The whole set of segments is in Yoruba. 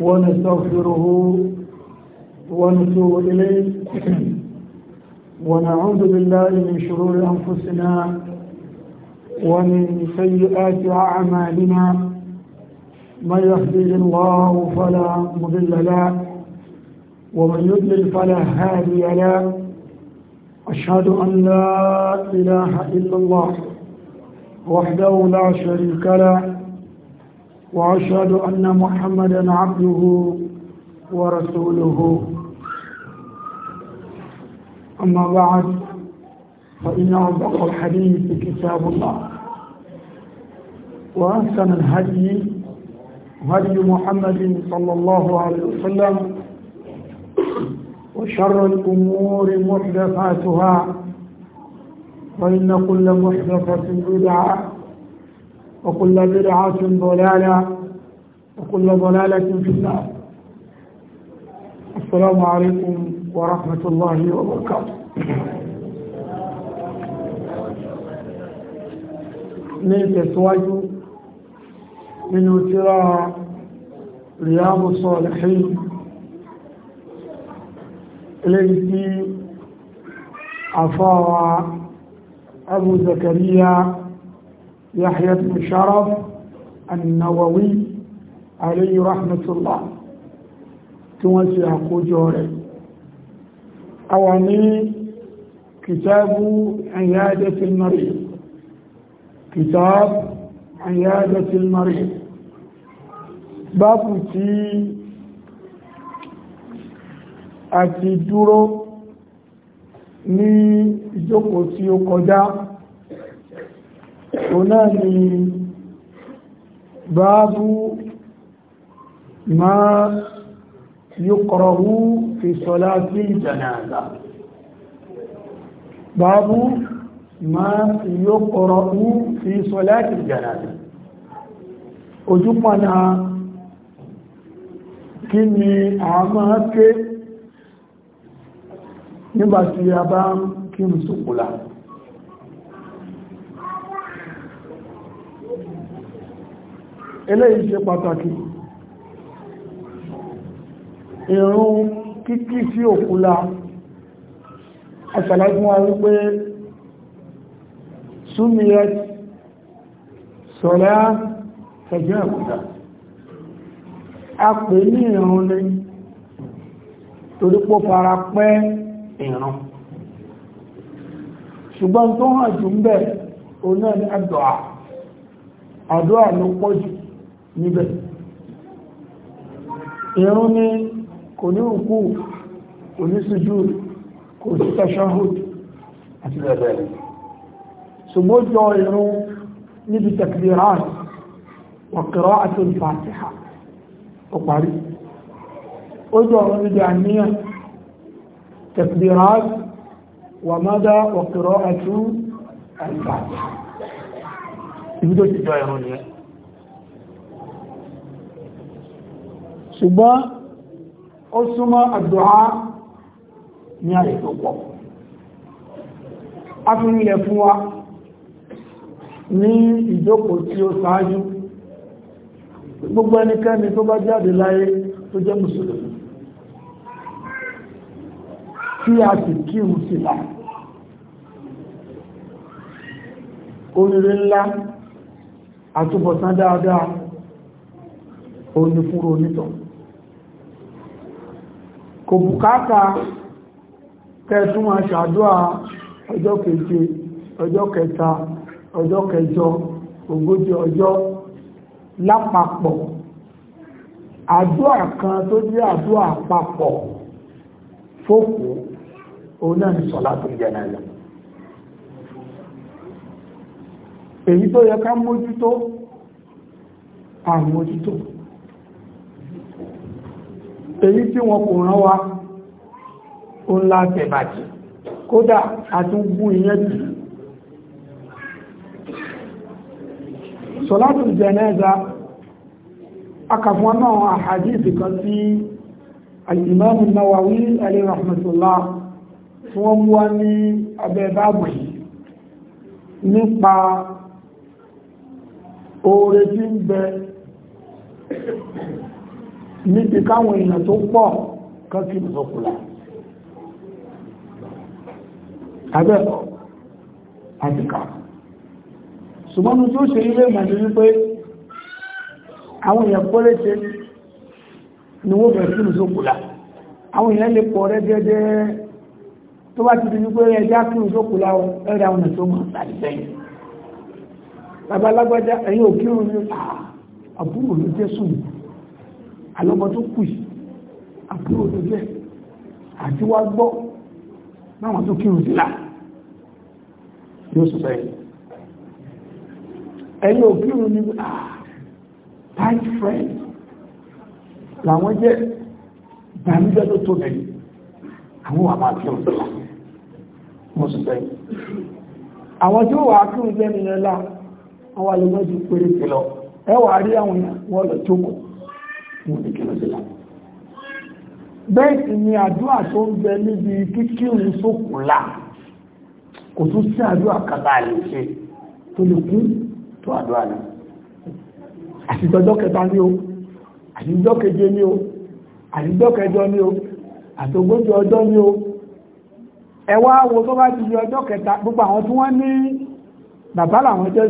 ونستغفره ونتوب إليه ونعوذ بالله من شرور أنفسنا ومن سيئات أعمالنا من يهديه الله فلا مضل له ومن يضلل فلا هادي له أشهد أن لا إله إلا الله وحده لا شريك له وأشهد أن محمدا عبده ورسوله أما بعد فإن أصدق الحديث كتاب الله وأحسن الهدي هدي محمد صلى الله عليه وسلم وشر الأمور محدثاتها فإن كل محدثة بدعة وكل بدعة ضلالة وكل ضلالة في النار السلام عليكم ورحمة الله وبركاته من تسواج من ترى رياض الصالحين الذي أفاوى أبو زكريا يحيى بن شرف النووي عليه رحمة الله توسع قجوره أواني كتاب عيادة المريض كتاب عيادة المريض باب تي أتي دورو ní ìjókòó tí ó kọjá òun náà ni báábú máa yíkọrọ̀wú fi sọlá sí ìjànàzà báábú máa yíkọrọ̀wú fi sọlá sí ìjànàzà ojúpọ̀nà kí ni a máa ké nígbàtí a kí mùsùkúlá eléyìí ṣe pàtàkì ìrun kíkí sí òkúla àṣàlágún wa wípé súnmíyẹ sọ̀rẹ́ ẹ̀jẹ́ ẹ̀kúta a pè ní ìrun ní torípò fara pẹ́ ìrun ṣùgbọ́n tó hàn jù ń bẹ̀ onáà ní àdúà àdúà ló pọ̀ jù níbẹ̀ ìrun ni kò ní òkú kò ní sùjú kò sí tashahud àti bẹ̀rẹ̀ ṣùgbọ́jọ ìrun níbi takbirat wa qira'atu al-fatiha ó parí ó jọ ọ̀rọ̀ níbi àníyàn takbirat wa mada wa qira'atu al-fatiha ibi tó ti jọ ìrun nìyẹn ṣùgbọ́n ó súnmọ́ àdúà ní àyè tó pọ̀ a fi ń lẹ̀ fún wa ní ìjókòó tí ó ṣáájú gbogbo ẹnikẹ́ni tó bá jáde láyé tó jẹ́ mùsùlùmí tí a sì kírun sí la oríire ńlá àtúbọ̀tán dáadáa òní fúnra onítọ̀ọ́ kò bùkátà kẹtún máa ṣàdúrà ọjọ́ keje ọjọ́ kẹta ọjọ́ kẹjọ ogójì ọjọ́ lápapọ̀ àdúrà kan tó jẹ́ àdúrà àpapọ̀ fókù òun náà ní sọ̀látù jánásà èyí tó yẹ ká mójútó àmójútó èyí tí wọn kò rán wa ó ńlá tẹ̀bàjì kódà àtúngbù ìyẹn jù sọ̀látù jẹ̀nẹ́za akàfún náà àhàdìsì kan sí al-Imam Nawawi alayhi rahmatullah tí wọ́n mú wá ní abẹ́ báàbù yìí nípa oore tí ń bẹ níbi káwọn èèyàn tó pọ̀ kan kí ní sọ́kùlá abẹ́kọ̀ àtìkà ṣùgbọ́n tí ó ṣe ilé ìmọ̀jú wípé àwọn èèyàn pọ́lẹ́ṣe ni wọ́n bẹ̀rẹ̀ kí ní sọ́kùlá àwọn èèyàn lè pọ̀ rẹ́ gẹ́gẹ́ tó bá ti di wípé ẹjá kí ní sọ́kùlá ẹ̀rẹ́ àwọn èèyàn tó mọ̀ tàbí sẹ́yìn babalágbájá ẹ̀yìn òkírun ní àbúrò ló jésù yìí àlọ́mọ tó kù yìí àbúrò tó jẹ́ àti wá gbọ́ báwọn tó kírun ah, friend làwọn jẹ́ ìbànújẹ́ tó tó bẹ̀rẹ̀ àwọn wà máa kírun sílá wọ́n sọ bẹ́ẹ̀ àwọn tí ó wà kírun lẹ́nu yẹn lá wọ́n wà lọ́wọ́ ju péré pẹ̀lọ ẹwà rí àwọn wọ́n lọ jókòó bẹ́ẹ̀ ni àdúrà tó ń bẹ níbi kíkírun sókùnlá kò tún sí àdúrà kàtà àlèṣe tó lè kú tó àdúrà náà àtijọ́jọ́ kẹta ní o àtijọ́ keje ní o àtijọ́ kẹjọ ní o àtògbójì ọjọ́ ní o ẹ wo tó bá ti di ọjọ́ kẹta gbogbo àwọn tí wọ́n ní bàbá làwọn jẹ́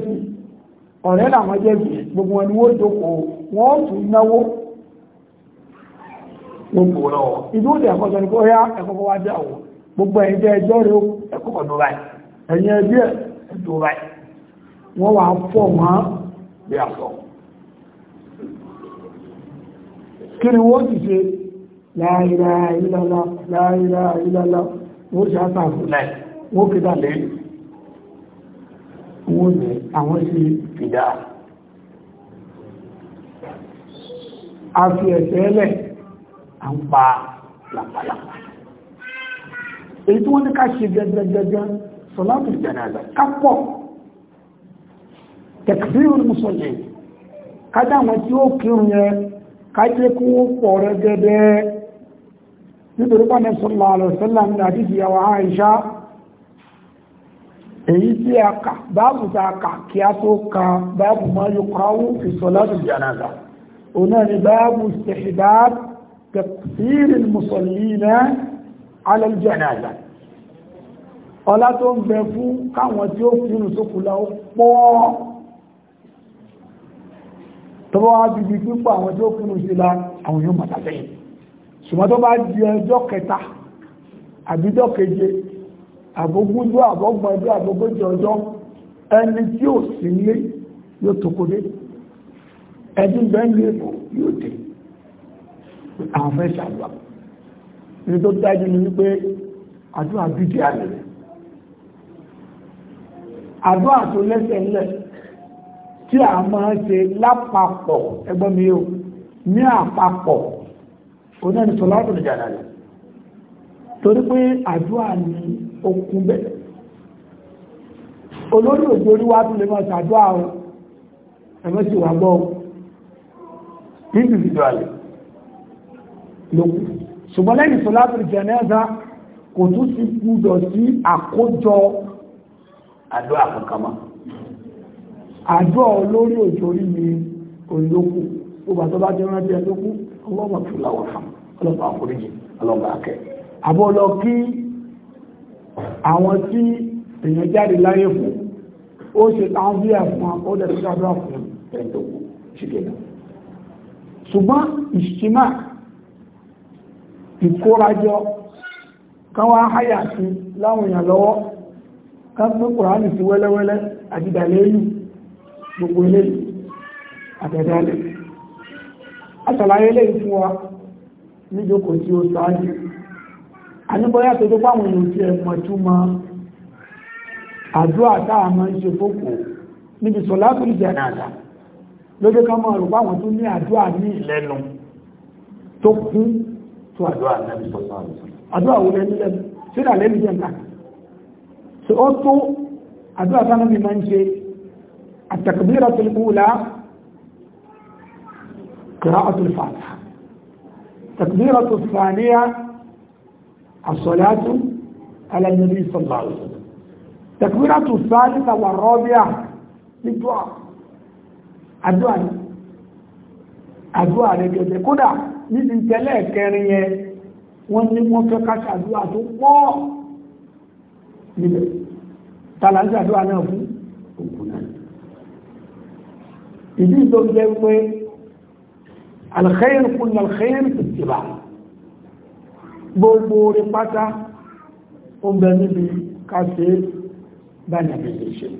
ọ̀rẹ́ làwọn jẹ́ gbogbo wọn ni wọ́n jókòó wọ́n tún náwó gbogbo lọ́wọ́ ìlú òde ẹ̀kọ́sọ ni kó yá ẹ̀kọ́kọ́ wá dé gbogbo ẹ̀yìn jẹ́ ẹjọ́ rẹ̀ ẹ̀kọ́kọ́ tó báyìí ẹ̀yìn ẹbí báyìí wọ́n fọ́ wọn bí àfọ́ kí ni wọ́n ti ṣe a fi ẹ̀sẹ̀ ẹlẹ́ à ń pa làpàlàpà èyí tí wọ́n ní ká ṣe gẹ́gẹ́gẹ́gẹ́ sọ̀láàtù jánásà kápọ̀ tẹ̀kìfìrì mùsùlùmí kájá àwọn tí ó kírun yẹn kájẹ́ kí wọ́n pọ̀ rẹ̀ gẹ́gẹ́ nítorí pàdé sallallahu alaihi wasallam ní àdíjì yàwó Àìṣá èyí tí a kà báàbù tá a kà kí a tó ka báàbù máa yóò kọ́ fi sọ̀láàtù jánásà òun náà ni báàbù istihbab tẹ̀síìrì mùsọ̀lìnà alẹ́jẹ̀nàjà ọlá tó ń bẹ fún káwọn tí ó kúrù sókùlá ó pọ̀ tọ́bọ́ wá bí bí pípọ̀ àwọn tí ó kúrù sílá àwọn yóò mọ̀tà lẹ́yìn ṣùgbọ́n tó bá di ẹjọ́ kẹta àbíjọ́ keje àbógúnjọ́ àbọ́gbọ̀njọ́ àbógójì ọjọ́ ẹni tí ò sí nílé yóò tókòdé ẹdínbẹ́ ń lè mọ̀ yóò dé àwọn fẹ́ ṣàdúrà ní tó dájú ní wípé àdúrà bídí àlẹ́ àdúrà tó lẹ́sẹ̀ ńlẹ̀ tí a máa ṣe lápapọ̀ ẹgbọ́n mi o ní àpapọ̀ onáni sọláàtò lè jàdá rẹ̀ torí pé àdúrà ní okun bẹ́ẹ̀ olórí òjò oríwá tó lè máa ṣàdúrà ẹ̀mọ́sí wà gbọ́ individually lókù ṣùgbọ́n lẹ́yìn sọ́látù jẹ̀nẹ́za kò tún sí gbúdọ̀ sí àkójọ àdó àkọ́kọ́mọ́ àdó olórí òjòrí ni olókù gbogbo àtọ́ bá jẹ́ rántí ẹ lókù ọlọ́mọ tó láwọ̀ fún ọlọ́pàá àforíjì ọlọ́mọ akẹ́ àbọ̀ lọ kí àwọn tí èèyàn jáde láyé fún ó ṣe táwọn bí àfún ó tó dábàá fún ẹ̀dọ́gbò ṣùgbọ́n ìṣìmá ìkórajọ kan wá sí láwọn èèyàn lọ́wọ́ kan pín kùránì sí wẹ́lẹ́wẹ́lẹ́ àjídàlẹ́yìn gbogbo ilé àtẹ̀dálẹ̀ aṣàlàyé fún wa níjókò tí ó sáájú àníbọ́yá tó tó pàwọn èèyàn tí ẹ̀mọ̀ tó kún tó àdúrà nàbí sọ̀tọ̀ àdúrà wo lẹ́nu lẹ́nu tí ó lẹ́nu jẹ́ nǹkan tí ó tó àdúrà sánàbí máa ń ṣe àtàkùbírà tó kú la kìrá ọ̀tún fàtà tàkùbírà tó fàníyà àsọ̀látù alẹ́nubí sọ̀tọ̀ tàkùbírà tó fàníyà wà rọ́bíà nítorí àdúrà àdúrà rẹ̀ gẹ̀gẹ̀ kódà níbi tẹ́lẹ̀ kẹrin yẹn wọ́n ní wọ́n fẹ́ ká ṣàdúrà tó pọ̀ níbẹ̀ tààlà ń ṣàdúrà náà fún òkú náà ìdí tó jẹ́ pé alkhairu kun alkhairu ti ti bá gbogbo orí pátá ó bẹ níbi ká bá nàbẹ̀ ṣe ń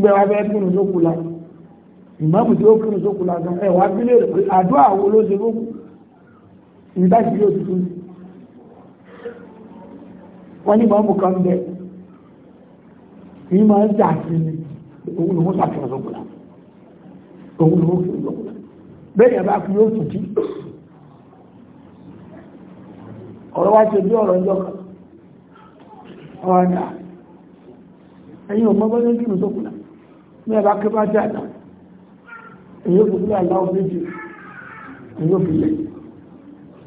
gbẹ̀wà bẹ́ẹ̀ tún lókù láti ìmáàmù tí ó kí ní sókù lásán ẹ̀wà bílé àdúrà wo ló ṣe lókù ìdájí yóò tuntun wọ́n ní ìmáàmù kan bẹ ní máa ń jà sí ni òun lòun ṣàfihàn sókù lásán òun lòun fi sókù lásán bẹ́ẹ̀ yẹn bá fi yóò tún kí ọ̀rọ̀ wá ṣe bí ọ̀rọ̀ ẹjọ́ kan ọ̀rọ̀ ẹ̀yìn ọmọ bọ́lá ń kí ní sókù lásán ní ẹ̀bá kí bá èyí kò sí àlá méjì èyí ò fi lẹ̀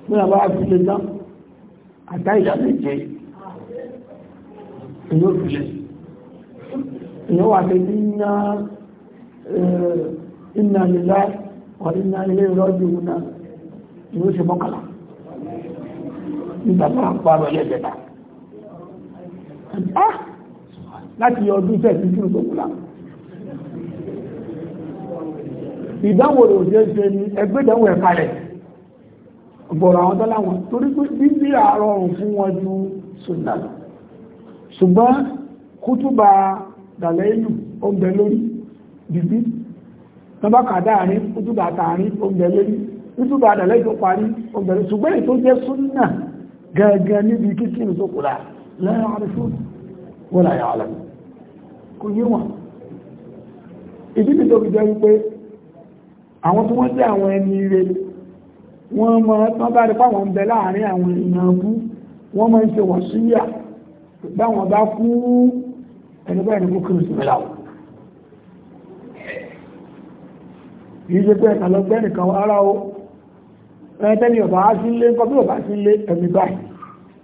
ní àbá fi lè ná àdá ìyá méje èyí ò fi lẹ̀ èyí wà ní iná iná lílá wà iná ilé ìrọ́jú náà èyí ó ṣe mọ́kànlá nígbà máa ń parọ̀ lẹ́gbẹ̀ta ah! láti ọdún tẹ̀sí tí ó tó kù láàrín ìdánwò rẹ̀ òṣèré ṣe ni ẹgbẹ́ ìdánwò ẹ̀ka rẹ̀ gbọ̀rọ̀ àwọn tọ́lá wọn torí pé bíbí àrọrùn fún wọn ju sùnnà lọ ṣùgbọ́n kútùbà dàlẹ́ ìlú oúnjẹ lórí bìbí tọ́bá kàdáàrin kútùbà tààrin oúnjẹ lórí kútùbà dàlẹ́ ìjọ parí oúnjẹ lórí ṣùgbọ́n ètò jẹ́ sùnnà gẹ́gẹ́ níbi kíkìrì tó kùrà lẹ́yìn àrífún wọ́n àwọn tí wọ́n jẹ́ àwọn ẹni rẹ̀ wọ́n mọ́ tán bá rí pàwọn bẹ láàrin àwọn èèyàn bú wọ́n mọ́ ń ṣe wọ̀n síyà báwọn bá kú ẹni bá ẹni kó kiri sí mẹ́lá kìí ṣe pé ẹ̀ka lọ́gbẹ́ nìkan ara o ẹni tẹ́lẹ̀ ọba á sí lé nǹkan bí ọba sí lé ẹ̀mí báyìí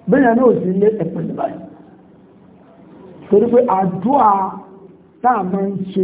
bẹ́ẹ̀ náà ò sí lé ẹ̀pẹ̀ ní báyìí torí pé àdúrà táà máa ń ṣe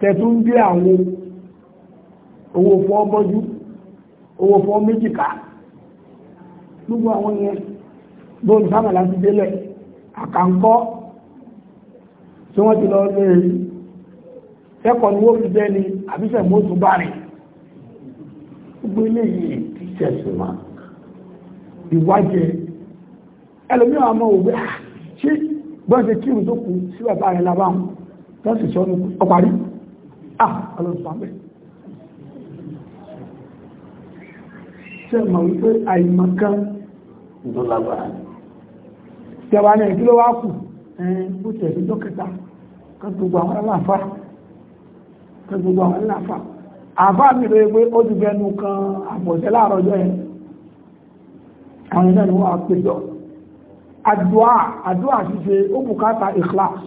tẹ̀tún ń gbé àwọn owó fọ́ bọ́jú owó fọ́ méjìká gbogbo àwọn yẹn bóun sábà láti délẹ̀ àkàǹkọ́ tí wọ́n ti lọ lé e. ẹ̀kọ́ ni wọ́n fi jẹ́ ni àbíṣẹ́ mọ́tò bá rìn gbogbo eléyìí ti ṣẹ̀sùn máa ìwájẹ ẹlòmí àwọn ọmọ òwe ah, ṣé gbọ́nṣe kírù tó kù sí bàbá rẹ̀ lábáhùn tó sọ́nù ọparí ah ọlọ́sàmẹ́ ṣe mọ̀ wípé àìmọ̀kan ló lágbára tẹwà ní ìdílé wá kù ẹ̀yìn bó tẹ̀ sí dókítà kan gbogbo àwọn aláàfà kan gbogbo àwọn aláàfà àbá mi rẹ̀ pé ó ti bẹnu kan àbọ̀sẹ̀ láàárọ̀ ọjọ́ yẹn àwọn ẹ̀yìn náà ni wọ́n á péjọ àdúà àdúà ṣíṣe ó bùkátà ìkláàsì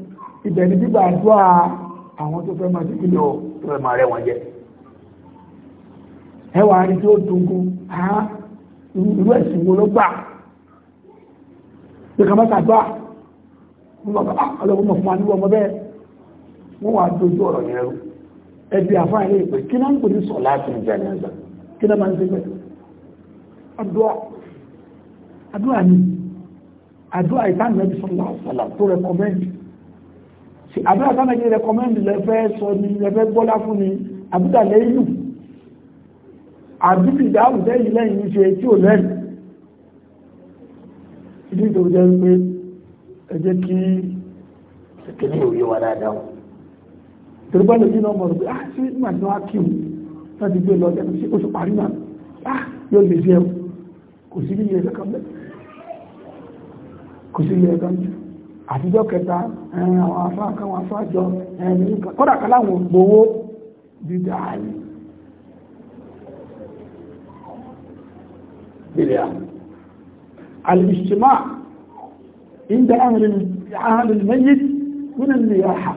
ibẹ̀ ni bíbà àdúrà àwọn tó fẹ́ máa ti kílò tó fẹ́ máa rẹ̀ wọ́n jẹ́ ẹwà rí tí ó dungun àá irú ẹ̀sìn wo ló gbà pé ká má ṣàdúrà ah, fún wa níwọ̀ ọmọ bẹ́ẹ̀ wọ́n wá dojú ọ̀rọ̀ yẹn rú ẹbí àfáà ilé ìpè kí náà ń pè ní sọ̀lá tó ń àbúrà sáàmẹ́jì rẹ̀kọ́mẹ́ndì lẹ́fẹ́ sọ ní lẹ́fẹ́ gbọ́lá fún ni àbúdà lẹ́yìnù àbúdì dáhùdẹ́ yìí lẹ́yìn ní ṣe tí ò lẹ́yìn ìdí ìdòwò jẹ́ pé ẹ jẹ́ kí ìkíní òye wà dáadáa wọn tẹ̀lébọ́n lè nínú ọmọ rẹ̀ pé ah ṣé ìgbà tí wọ́n á kí o láti gbé lọ ọjà sí oṣù parí náà ah yóò lè jẹun kò sí ilé ẹ̀ka kan bẹ́ẹ̀ kò sí ilé ẹ̀ka kan àtijọ́ kẹta àwọn afáàkà wọn afáàjọ ẹni kọ́dà kan láwọn gbowó dídá ayé bílíà alìsìmá inda ahàlì mẹ́yìí nínú ilé àhà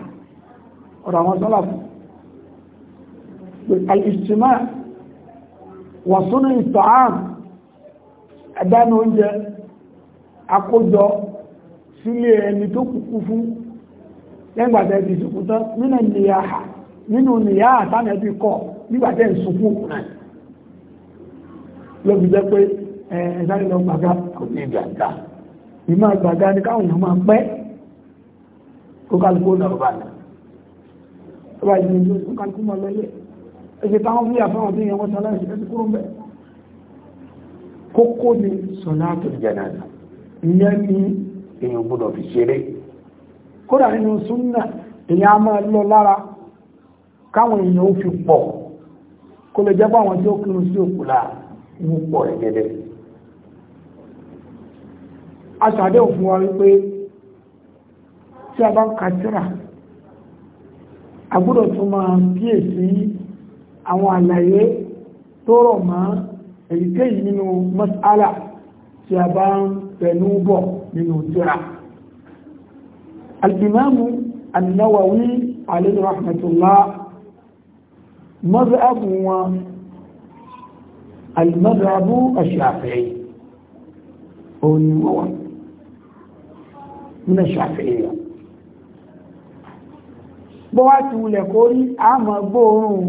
ọ̀rọ̀ àwọn sọ́làfù alìsìmá wà sónú ìtọ̀ ààrùn ẹ̀dánú oúnjẹ akójọ sílé ẹni tó kúkú fún lẹ́gbàtẹ́ ti sùkú tán nínú nìyàhà nínú nìyàhà tánẹ́bí kọ́ nígbàtẹ́ ìsùnkú náà ló fi jẹ́ pé ẹ̀ẹ́dárí lọ gbàgá kò ní gbàgá ìmọ̀ gbàgá ní káwọn èèyàn máa pẹ́ kó kálukú lọ́rọ̀ bá náà tó bá yìí ní kó kálukú máa lọ́lẹ̀ ni sọ̀lá ìyẹn ni èèyàn gbọ́dọ̀ fi ṣeré kódà nínú súnnà èèyàn a máa lọ lára káwọn èèyàn ó fi pọ̀ kó lè jẹ́ báwọn tí ó kírun sí òkú la mú pọ̀ ẹ̀gẹ̀dẹ̀ aṣàdé òfin wa wípé tí a bá ń ka tírà a gbọ́dọ̀ tún máa kíyèsí àwọn àlàyé tó rọ̀ mọ́ èyíkéyìí nínú mas'ala tí a bá ń pẹ̀lú bọ̀ nínú tíra alìmáàmù annáwàwí alayhi rahmatullah mazhabu wọn alìmọ́zàbù aṣàfihì òun ni wọ́n wọ́n nínú aṣàfihì yà bọ́wá ti wulẹ̀ kó rí àmọ́ gbóòórùn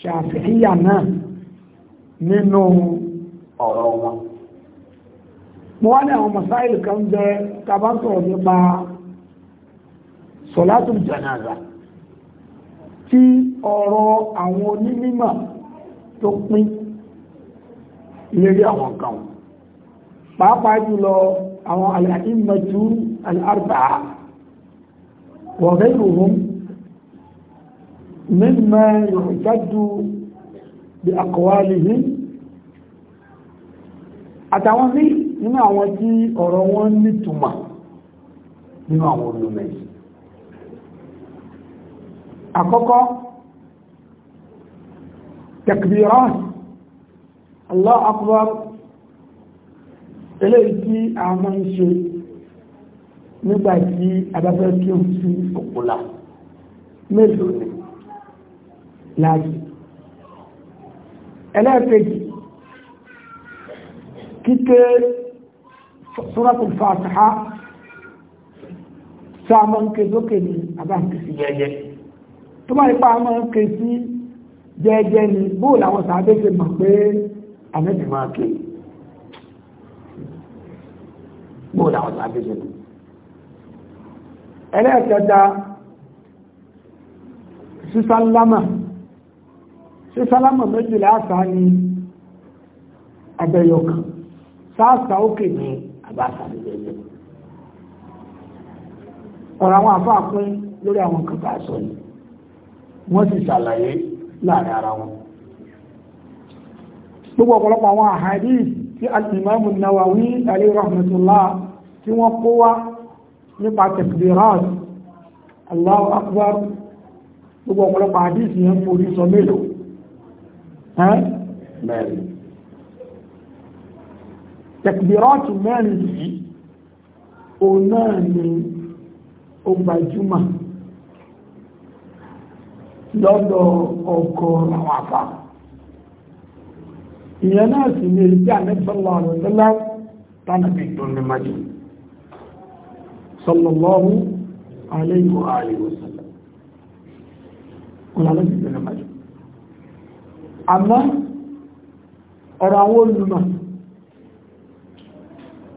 ṣàfihì yà náà nínú ọ̀rọ̀ wọn mo wá ní àwọn masáìlì kan bẹ tàbá sọ̀rọ̀ nípa sọ̀látù janaza tí ọ̀rọ̀ àwọn onímímọ̀ tó pín lérí àwọn kan pàápàá jùlọ àwọn alàìmọ̀tú al'arba'a wa ghayruhum mimma yu'taddu bi aqwalihim àtàwọn míì nínú àwọn tí ọ̀rọ̀ wọn nítumọ̀ nínú àwọn olùmẹ̀sì àkọ́kọ́ takbiran Allah akbar eléyìí tí a máa ń ṣe nígbàtí adáfẹ́ kí o sí òkúla mélòó ni láàyè ẹlẹ́ẹ̀kejì kíké suratul fatiha tá a máa ń ké sókè ní àbá ń ké sí jẹ́jẹ́ tó bá ipá a máa ń ké sí jẹ́jẹ́ ni bóòlù àwọn sàbẹ̀ ṣe mọ̀ pé àmẹ́bí máa ké bóòlù àwọn sàbẹ̀ ṣe mọ̀ ẹlẹ́ẹ̀kẹta sísálámà sísálámà méjìlá àṣà ni abẹ́yọkàn sáàsà òkè ní àbá sàmìlẹ́yẹ. ọ̀rọ̀ àwọn àbá pín lórí àwọn kan tá a sọ yìí wọ́n sì ṣàlàyé láàrin ara wọn. gbogbo ọ̀pọ̀lọpọ̀ àwọn àhàdí tí al-Imam an-Nawawi rahmatullah tí wọ́n kó wá nípa takbirat Allahu akbar gbogbo ọ̀pọ̀lọpọ̀ àdísì yẹn forí sọ mélòó mẹ́rin tẹ̀kìbìrọ́ọ̀tì mẹ́rin yìí òun náà ni ó gbajúmọ̀ lọ́dọ̀ ọkọ̀ àwọn àfà ìyẹn náà sì ní ìdí àmẹ́sọ́lọ́ àrùsọ́lá tánàbí tó ní májú sọlọ́lọ́rù aléyìnwó àríwòsàn kùnà lọ́dún tó ọ̀rọ̀ àwọn olùmọ̀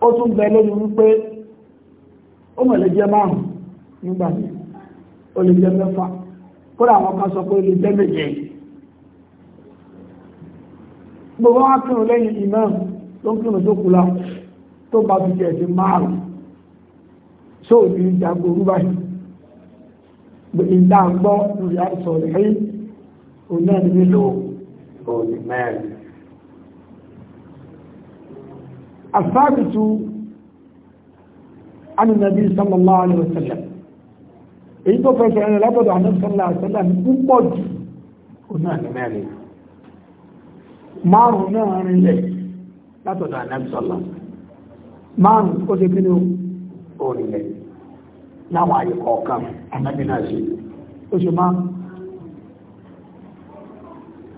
ó tún bẹ lórí wípé ó mọ̀ lè jẹ́ márùn nígbà tí ó lè jẹ́ mẹ́fà kódà àwọn kan sọ pé ó lè jẹ́ méje gbogbo wọn kírun lẹ́yìn imam tó ń kírun tó kù la tó bá fi jẹ̀ sí márùn sóòdì ìjàgbó rúbà yìí ìdá gbọ́ lórí àìsàn rẹ̀ òun náà ní lò الثابت عن النبي صلى الله عليه وسلم èyí tó fẹsẹ̀ ẹni lábọ̀dọ̀ àdébùsọ̀lá àṣẹlá ní púpọ̀ jù òun náà ní mẹ́rin márùn náà rinlẹ̀ látọ̀dọ̀ àdébùsọ̀lá márùn ó ṣe kí ni ó rinlẹ̀ láwọn àyè kọ̀ọ̀kan ànábì náà ṣe ó ṣe máa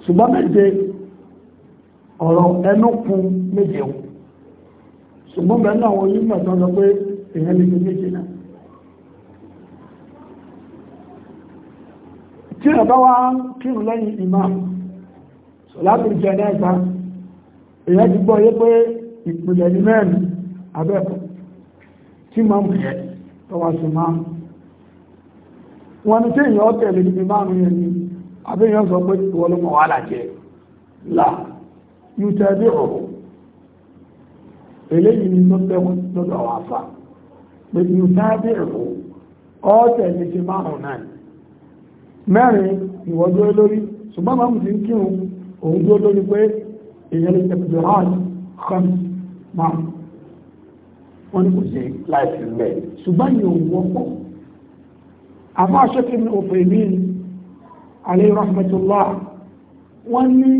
ṣùgbọ́n méje ọ̀rọ̀ ẹnu kún méje wọn ṣùgbọ́n bẹ́ẹ̀ náà wọ́n yígbà tán lọ pé èèyàn lè fi méjì náà tí ẹ̀bá wá kírun lẹ́yìn imam sọ̀látù jẹ́ náà èèyàn ti gbọ́ yé pé ìpìlẹ̀ ní mẹ́rin abẹ́kọ̀ tí máa mú yẹ tó sí máa wọn ni tí èèyàn tẹ̀lé níbi máa mú yẹn ni àbẹ́yàn sọ pé ìwọ́lọ́mọ̀ wà lájẹ́ là yóò tẹ̀lé ọ̀rọ̀ eléyìí ni lọ́pẹ́wọ́n lọ́dọ̀ àwọn afá pẹ̀lú ìtàbí ẹ̀kọ́ ọ́tẹ̀ ní ti márùn-ún náà mẹ́rin ìwọ́dó lórí ṣùgbọ́n máa ń fi kírun òun dúró lórí pé èèyàn lè tẹ̀pẹ̀ rán kan máa wọ́n ní kò sí láìsí rẹ̀ ṣùgbọ́n yìí òun wọ́pọ̀ àmọ́ aṣọ́kí ní òfin mi alayhi rahmatullah wọ́n ní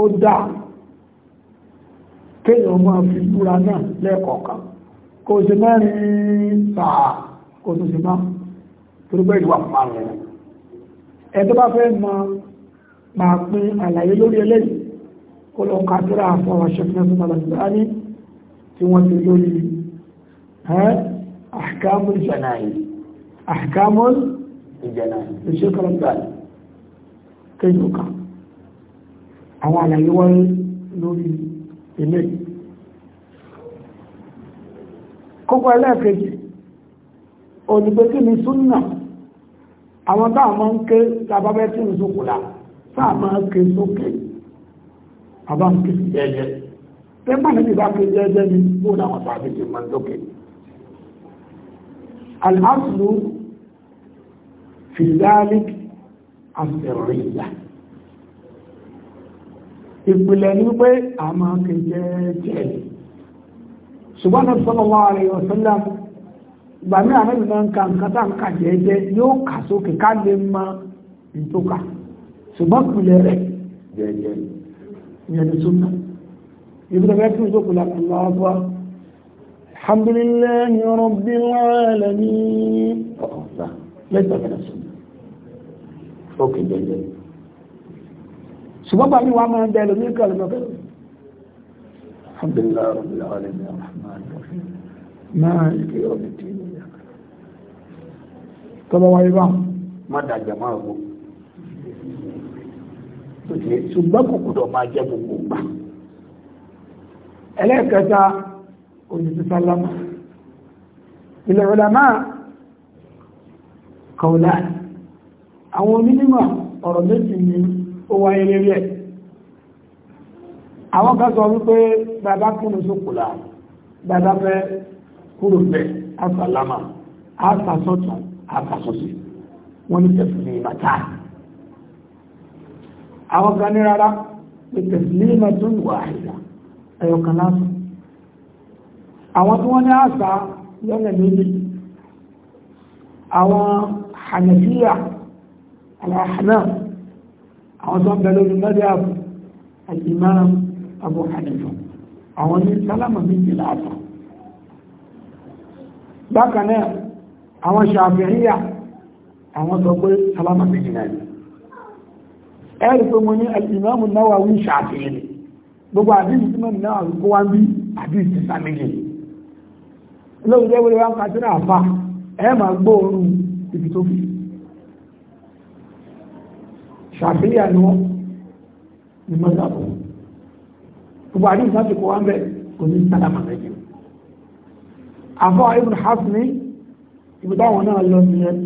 ó dáa kéèyàn máa fi búra náà lẹ́ẹ̀kọ̀ọ̀kan kò sí mẹ́rin sàá kò tó sí máa torúgbé ìwà pààrẹ̀ ẹ̀ tó bá fẹ́ mọ máa pín àlàyé lórí eléyìí kó lọ ka tó ra fún ọ̀rọ̀ ṣẹ́fún ẹ̀fún alàgbáyé tí wọ́n ti lórí ahkamul janayi ahkamul janayi ìṣẹ́kọ̀ alàgbáyé kéèyàn kan àwọn àlàyé wọ́n lórí ilé kókó ẹlẹ́ẹ̀kejì olùgbésí ni súnà àwọn táà máa ń ké lábábẹ́ tí ń sókòlá táà máa ké sókè àbá ń ké sí jẹ́jẹ́ tẹ́gbà níbi bá ké jẹ́jẹ́ ni bó láwọn tàbí ti máa sókè al-aslu fi ìpìlẹ̀ ní pé a máa kẹjẹ jẹ́ ṣùgbọ́n sallallahu alaihi wasallam ìgbà mí àwọn ìlànà nǹkan nǹkan tá nǹkan jẹ́jẹ́ yóò kà sókè ká lè mọ ìtòkà ṣùgbọ́n ìpìlẹ̀ rẹ̀ jẹ́jẹ́ ìyẹn ní súnmọ́ ibi tẹ̀lé tí ìjókòó láti lọ́wọ́ bọ́ alhamdulillahi rabbil alamin ọ̀ọ̀ta lẹ́tọ̀ọ́ kẹ́lẹ́ súnmọ́ ókè jẹ́jẹ́ ṣùgbọ́n bàbí wa máa ń bẹ lómi kan lọ́mọ pé alhamdulilayi rabbil alamin rahman rahim máa ń kí ọbẹ̀ tí mo yà tọ́lọ́ wáyé bá má dàjà máa wò ṣùgbọ́n kò gbọdọ̀ máa jẹ́ gbogbo gbà ẹlẹ́ẹ̀kẹta olùsísálámà ilẹ̀ ọ̀làmà kọ̀ọ̀lá àwọn onímọ̀ ọ̀rọ̀ méjì ni ó wáyé lérí ẹ̀ àwọn kan sọ wípé bàbá kúrò sókòlá bàbá fẹ́ kúrò fẹ́ àfàlámà àfàsọ́tún àfàsọ́sí wọ́n ní tẹ̀sílì màtá àwọn kan ní rárá ní tẹ̀sílì màtún wà àìyá ẹ̀yọ̀ kan lásán àwọn tí wọ́n ní àṣà àwọn tó ń bẹ lórí madhab al-imam abu hanifa àwọn ní sálámà méjì láàtọ̀ bákan náà àwọn ṣàfihíyà àwọn sọ pé sálámà méjì náà ni ẹ̀rì pé mo ní al-imam an-nawawi ṣàfihì gbogbo àdíjì tí mọ́mù náà kó wá bí àdíjì ti sàmìlì lóòrùn jẹ́ wọlé wá ń ẹ̀ ṣàfíyà ni wọ́n ní mọ́sàbọ̀ gbogbo àdéhùn sáà ti kọ́ wá ń bẹ̀ kò ní sálámà méjì àfọ ibn Hazm ní ibi táwọn náà lọ nìyẹn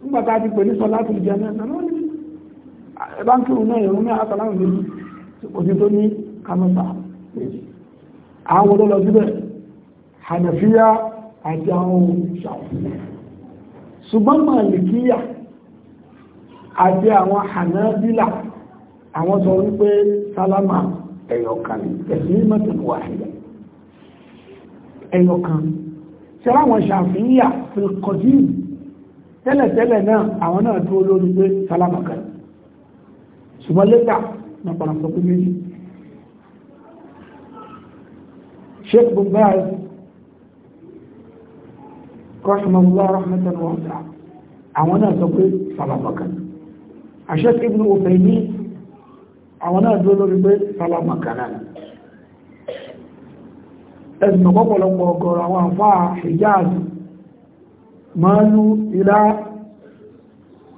nígbà tá a ti pè ní sọlá tó jẹ náà náà ní báńkì òun náà ìrún náà àtàlámà méjì kò sí tó ní kámẹ́sà méjì àwọn olóòlò síbẹ̀ Hanafiya àti àwọn Shafi'i ṣùgbọ́n Malikiya àti àwọn hanabila àwọn sọ wípé sálámà ẹ̀yọ̀kan taslimatun wahida ẹ̀yọ̀kan tí àwọn ṣàfihàn fil qadim tẹ́lẹ̀tẹ́lẹ̀ náà àwọn náà tó lórí pé sálámà kan ṣùgbọ́n lẹ́tà na pàràpọ̀ pé méjì sheikh bumbaz rahimahullah rahmatan wasa àwọn náà sọ pé sálámà àṣẹ́kì ibn Uthaymeen ní àwọn náà dúró lórí pé salama kanáà ẹ̀sùn ọ̀pọ̀lọpọ̀ ọ̀gọ̀rọ̀ àwọn àfáà Hijaz mọ́nú ilá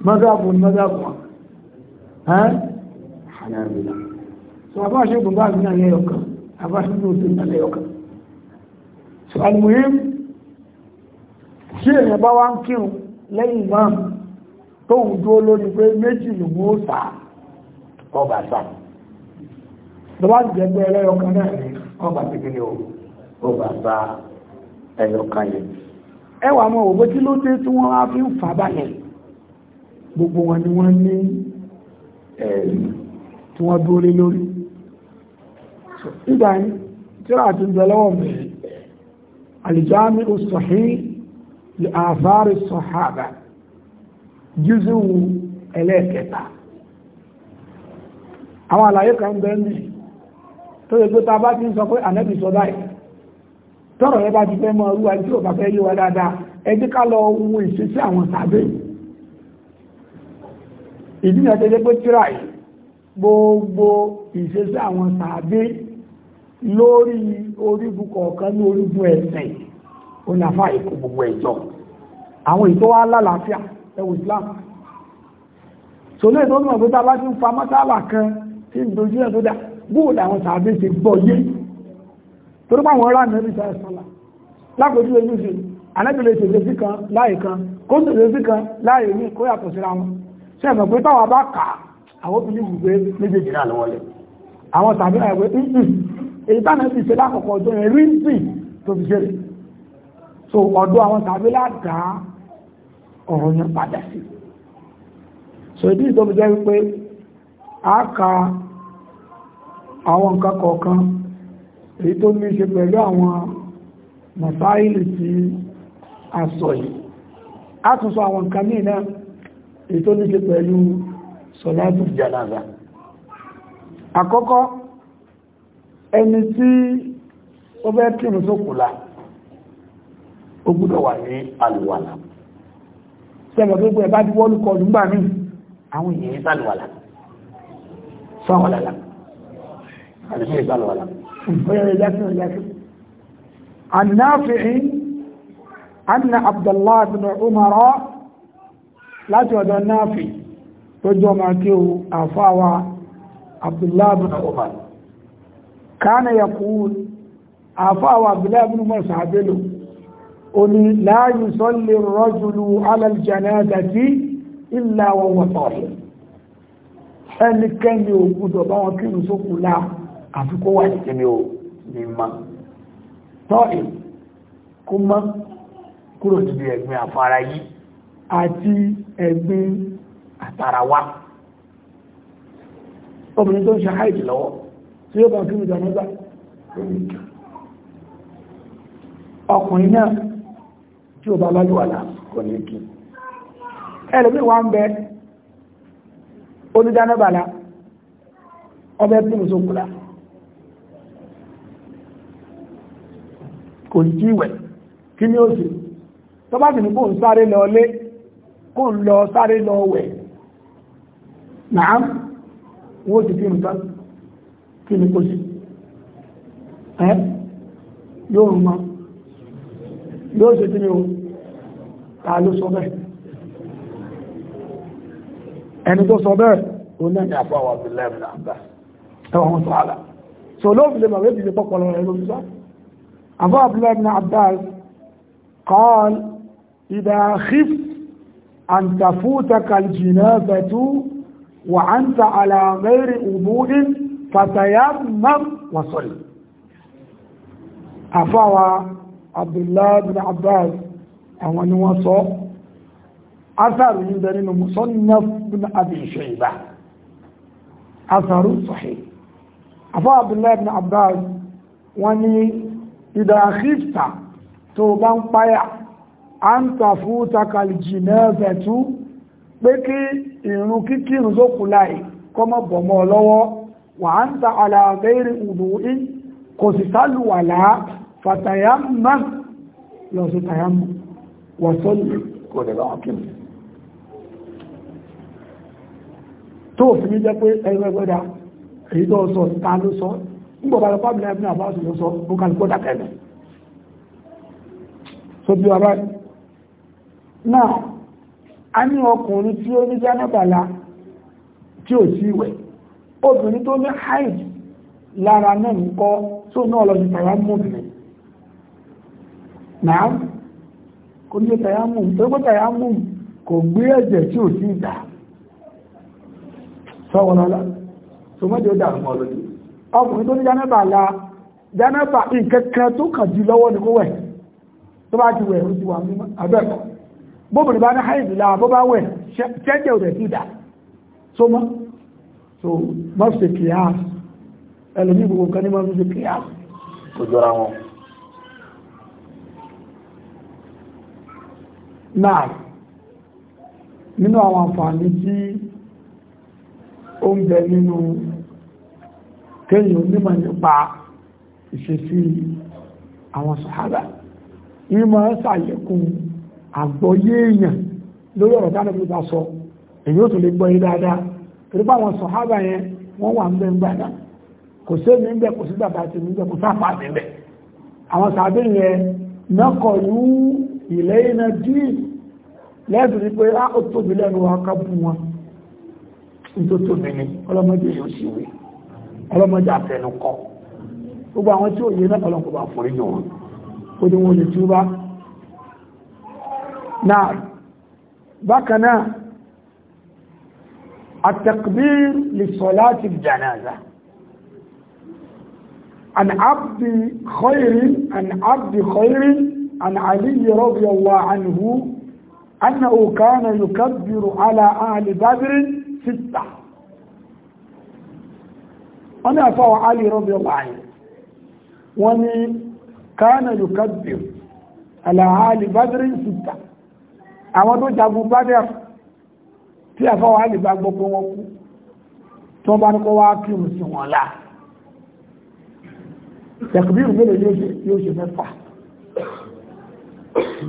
mọ́gàbùn mọ́gàbùn ẹ́n hànàbìlá so àbáṣẹ́gùn bá ní àyẹ́yọkan àbáṣẹ́gùn tó ní àyẹ́yọkan so almuhim ṣe èèyàn bá wá ń kírun lẹ́yìn máàmù tóun dúró lórí pé méjì lòun ó sà ọba sà lọ́wọ́ àjẹ́ pé ẹlẹ́yọ kan náà ní ọba kékeré o ọba sà ẹyọ kan yẹn ẹwà àwọn òwe tí ló dé tí wọ́n á fi ń fà balẹ̀ gbogbo wọn ni wọ́n ní tí wọ́n dúró lé lórí nígbà tí ó àti ń bẹ lọ́wọ́ mi alìjáàmì ó sọ̀hí lè àfáàrí sọ̀hábà jùzù ẹlẹ́ẹ̀kẹta àwọn àlàyé kan bẹ́ẹ̀ ní tó yẹ pé ta bá ti ń sọ pé ànẹ́bì sọ báyìí tọ́rọ̀ yẹ bá ti fẹ́ mọ orúwa tí ò bá fẹ́ yíwa dáadáa ẹjí ká lọ ohun ìṣesí àwọn tàbí ìdí náà tẹ́jẹ́ pé tíráì gbogbo ìṣesí àwọn tàbí lórí orígun kọ̀ọ̀kan ní orígun ẹ̀sẹ̀ onífà ìkó gbogbo ẹ̀jọ́ àwọn ìtọ́wà lálàáfíà ẹwù Islam sọlẹ́ ìtọ́nù ọ̀gbẹ́ta bá ti ń fa mọ́sálà kan tí ń dojú ẹ̀ tó dá bóòdà àwọn sàábé ṣe gbọ́ yé torí pàwọn ọ̀rá nẹ́bí sàásánlá lápòjú ẹni sí anẹ́bìlẹ̀ ìṣẹ̀lẹ̀ sí kan láì kan kó ṣẹlẹ̀ sí kan láì ní kó yàtọ̀ síra wọn ṣe mọ̀ pé táwọn bá kà àwọn obìnrin gbùgbé méjèèjì náà lọ́wọ́ lẹ̀ àwọn sàábé náà wẹ́ hmm, èyí bá nẹ́bí ṣe lákọ̀ọ́kọ́ ọjọ́ yẹn rí sí tó fi ṣe so ọ̀dọ̀ àwọn sàábé ládàá ọ̀rọ̀ yẹn padà sí so ìdí ìtọ́bí jẹ́ wípé a ka àwọn nǹkan kọ̀ọ̀kan èyí tó ní ṣe pẹ̀lú àwọn mọ̀sáìlì tí a sọ yìí a tún sọ àwọn nǹkan míì náà èyí tó ní ṣe pẹ̀lú sọ̀látù jànàzà àkọ́kọ́ ẹni tí ó bẹ́ kírun sókùlà ó gbọ́dọ̀ wà ní àlùwàlà sẹ́mọ̀ tó gbọ́ ẹ̀bá díwọ́lù kọlù ń bà mí àwọn èèyàn ìsàlùwàlà sọ́wọ́làlà àdìsí ìsàlùwàlà oyèrè yásí oyèrè yásí annáfi'in anna abdullahi bin umara láti ọ̀dọ̀ náàfi tó jọ máa kí o àfáwa abdullahi bin umara kánà yakúl àfáwa abdullahi bin umar sàbẹ́lò oni láàyè sọ́lé rọ́jùlù alàlìjànàdàtí ìlà wọn wọ̀tọ̀ọ̀lẹ̀ ẹnikẹ́ni ò gbọ́dọ̀ bá wọn kírun sókù láà àfikó wà ní kíni ò ní ma tọ́ì kó mọ́ kúrò níbi ẹ̀gbin àfara yìí àti ẹ̀gbin àtàràwá obìnrin tó ń ṣe háìdì lọ́wọ́ tí ó bá kírun jàmọ́gbà ọkùnrin náà tí ó bá lálùwàlá kò ní kí ẹlòmí wa ń bẹ onídánábàlá ọbẹ̀ tí mo sókùlá kò ní kí ìwẹ̀ kí ni ó sì tó bá sì ní kó ń sáré lọ lé kó ń lọ sáré lọ wẹ̀ náà wọ́n ti fi nǹkan kí ni kó sí ẹ́ yóò rùn mọ́ yóò ṣe kí ni o ta ló sọ bẹ́ẹ̀ ẹni tó sọ bẹ́ẹ̀ o náà ní àpá wà bí lẹ́mìnà àbá ẹwọ̀n sọ àlà so ló fi lè màwé ìdílé pọ́pọ̀lọ rẹ̀ ló fi sọ àbá àbúlẹ́mìnà àbá قال إذا خفت أن تفوتك الجنازة وأنت على غير أمور فتيمم وصل أفوى abdullahi bin abbas àwọn ni wọ́n sọ asaru ní bẹ nínú musannaf bin abi shayba asaru sahih afọ abdullahi bin abbas wọ́n ní idha khifta tó bá ń páyà a ń tàfú takal jinazatu pé kí ìrun kíkírun tó kù láì kọ́mọ̀ bọ̀mọ́ lọ́wọ́ wà ń ta ala ghairi wudu'in kò sì sálùwàlá fàtàyàmà lọ sí tàyàmà wọ̀sọ́lù kò lè lọ́wọ́ kí tó fi ní jẹ́ pé ẹgbẹ́gbẹ́dá èyí tó sọ ta ló sọ nígbọ̀bà lọ pàbí lẹ́bí náà bá sì ló sọ ó kà lùkọ́ dákẹ́lẹ̀ tó bí ọ̀rọ̀ náà a ní ọkùnrin tí ó ní jẹ́nàbàlá tí ò sí ìwẹ̀ obìnrin tó ní haid lára náà ń kọ́ tó náà lọ sí tàyàmà obìnrin náà kò ní tàyámù tó kó tàyámù kò gbé ẹ̀jẹ̀ tí ò sí ìdá sọ́wọ́lọ́lá tó mọ́jọ́ dà mọ́ lójú ọkùnrin tó ní jánẹ́bà la jánẹ́bà ìkẹ́kẹ́ tó kàn jí lọ́wọ́ ní kó wẹ̀ tó bá ti wẹ̀ ó ti wà mímọ́ abẹ́kọ̀ bóbìnrin bá ní so mọ́ sí kìíyà ẹlòmí gbogbo kan ní mọ́ sí náà nínú àwọn àǹfààní tí ó ń bẹ nínú kéyìn onímọ̀ nípa ìṣesí àwọn sàhábà ní ma sàyẹ̀kún àgbọ́yé èèyàn lórí ọ̀rọ̀ dáadáa bí sọ èyí ó tún lè gbọ́ yí dáadáa torí bá yẹn wọ́n wà ń ń gbà náà kò sí èmi ń kò sí bàbá àti èmi ń kò sáfà àwọn lẹ́ẹ̀dùn ní pé á ah, ó tóbi lẹ́nu ọkà bú wọn tó tóbi ní ọlọ́mọdé yóò sì wé ọlọ́mọdé àfẹnu kọ́ gbogbo àwọn tí ó yé náà ọlọ́kọ̀ الجنازة عن عبد خير عن عبد خير عن علي رضي الله عنه أنه كان يكبر على أهل بدر ستة أنا فهو علي رضي الله عنه ومن كان يكبر على أهل بدر ستة أولو جابوا بدر tí a fọ́wọ́ alì bá gbogbo wọn kú tó bá ní kọ́ wá kí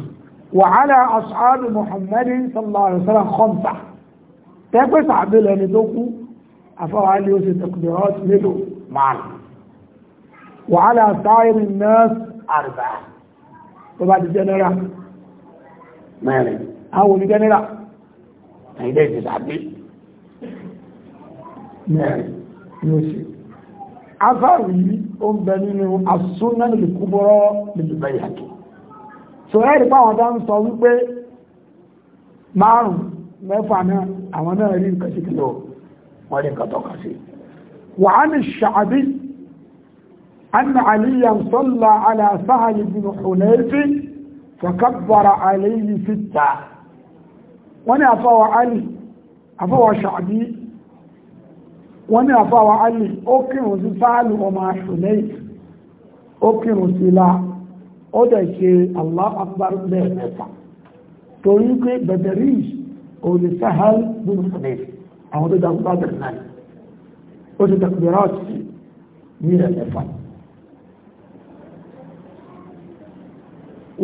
o وعلى أصحاب محمد صلى الله عليه وسلم خمسة تقص عبد الله نتوكو أفعل يوسف تقديرات ملو معنا وعلى سائر الناس أربعة وبعد الجنرة ما يعني أول جنرة يعني ليس عبد يعني يوسف أفعل أم بنين السنن الكبرى للبيهقي so ẹ́rì fáwọn tó ń sọ wípé márùn mẹ́fà náà àwọn náà rí nǹkan sí kìlọ̀ wọ́n rí nǹkan tọ́ka sí wà á ní ṣàbí أن عليا صلى على سهل بن حنيف فكبر عليه ستة wọ́n ní àfáwà alì àfáwà ṣàbí wọ́n ní àfáwà alì ó kírùn sí sáàlù ọmọ àṣùlẹ̀ ó sí láà ó dẹ̀ ṣe Allahu Akbar lẹ́ẹ̀mẹ́ta torí pé bẹ̀dẹ̀rìs òní sahal bin hanif àwọn tó jagun bá bẹ̀rẹ̀ náà ó ti tẹ̀kùbẹ̀rẹ̀ ọ̀sì ní ẹ̀mẹ́fà